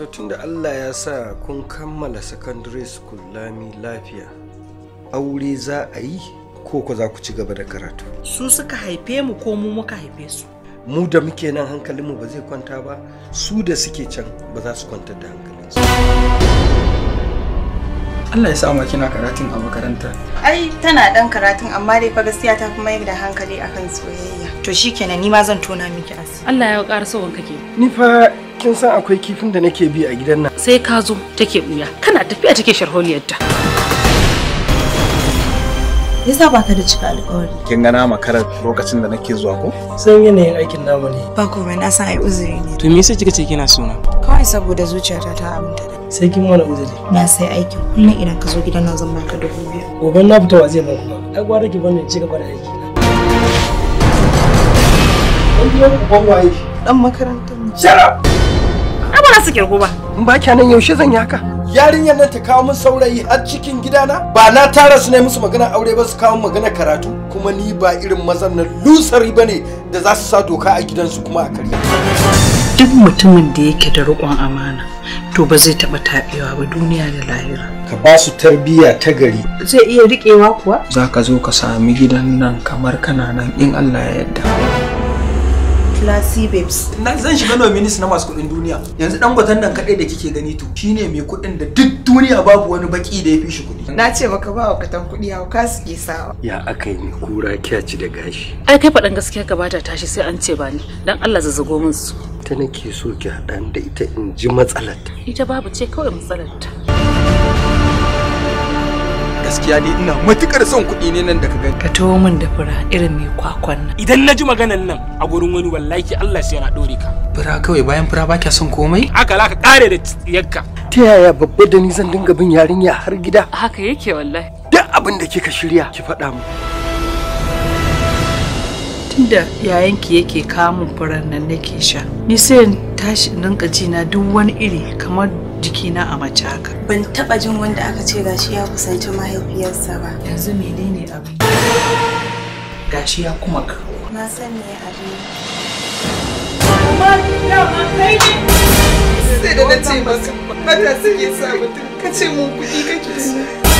to tunda allah ya sa kun kammala secondary school lami lafiya aure za a yi ko ko za ku ci gaba da karatu su suka haife mu ko mu muka haife su mu da muke nan hankalinmu ba zai kwanta ba su da suke can ba za su kwantar da hankalinsu Allah ya sa ma kina karatun a makaranta. Ai tana dan karatun amma dai fa gaskiya ta kuma yin da hankali akan soyayya. To shikenan ni ma zan tona miki asiri. Allah ya ƙara sawan kake. Ni fa kin san akwai kifin da nake bi a gidan nan sai ka zo take buya kana tafiya take sharholiyar ta yasa ba ka da cika alƙawari kin ga na makarar lokacin da nake zuwa ko san yanayin aikin namu ne ba mai na san ai uzuri ne to me yasa kika ce kina suna kawai saboda zuciyata ta aminta sai kin wani uzuri na sai aikin kullum idan ka zo gidan nan zan baka dubu biyu gobe na fita wa zai ban kuma ai gwara ki bani ci gaba da aiki dan makarantar ne. shut up su kirgu ba. In ba nan yaushe zan yi haka. Yarinyar nan ta kawo min saurayi har cikin gidana ba na tara su ne musu magana aure ba su kawo magana karatu kuma ni ba irin mazan nan lusari ba da za su sa doka a gidansu kuma a karya. Duk mutumin da yake da riƙon amana to ba zai taɓa taɓewa ba duniya da lahira. Ka ba su tarbiyya ta gari. Zai iya riƙewa kuwa? Za ka zo ka sami gidan nan kamar kana nan in Allah ya yarda. classy babes na zan shiga nominis na masu kuɗin duniya yanzu dan gwatan nan kaɗai da kike gani to shine mai kuɗin da duk duniya babu wani baki da ya fi shi kuɗi na ce baka ba wa katan kuɗi hau ka su sawa ya aka yi kura kyaci da gashi ai kai faɗan gaskiya ka bata tashi sai an ce bani, dan Allah zazzago min su ta nake so ki haɗan da ita in ji matsalar ita babu ce kawai matsalarta. gaskiya ne ina matukar son kuɗi ne nan da ka gani ka to min da fura irin mai kwakwan nan idan na ji maganan nan a gurin wani wallahi Allah sai yana dore ka fura kawai bayan fura ba kya son komai haka za ka kare da yakka ta yaya babba da ni zan dinga bin yarinya har gida haka yake wallahi duk abin da kika shirya ki faɗa mu tunda yayanki yake kamun furan nan nake sha ni sai tashi rinka ji na duk wani iri kamar jikina a mace haka. Ban taɓa jin wanda aka ce gashi ya kusanci mahaifiyarsa ba. Yanzu menene abin? Gashi ya kuma kawo. Na san me abin. Sai da na ce maka, matasan ya sa mutum, ka ce mun kuɗi kake so.